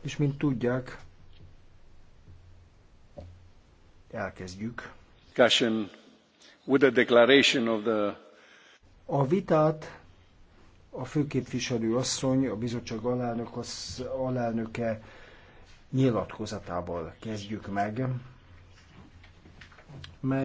És mint tudják, elkezdjük. Discussion with a declaration of the... A vitát a főképviselő asszony, a bizottság alelnök, alelnöke nyilatkozatával kezdjük meg.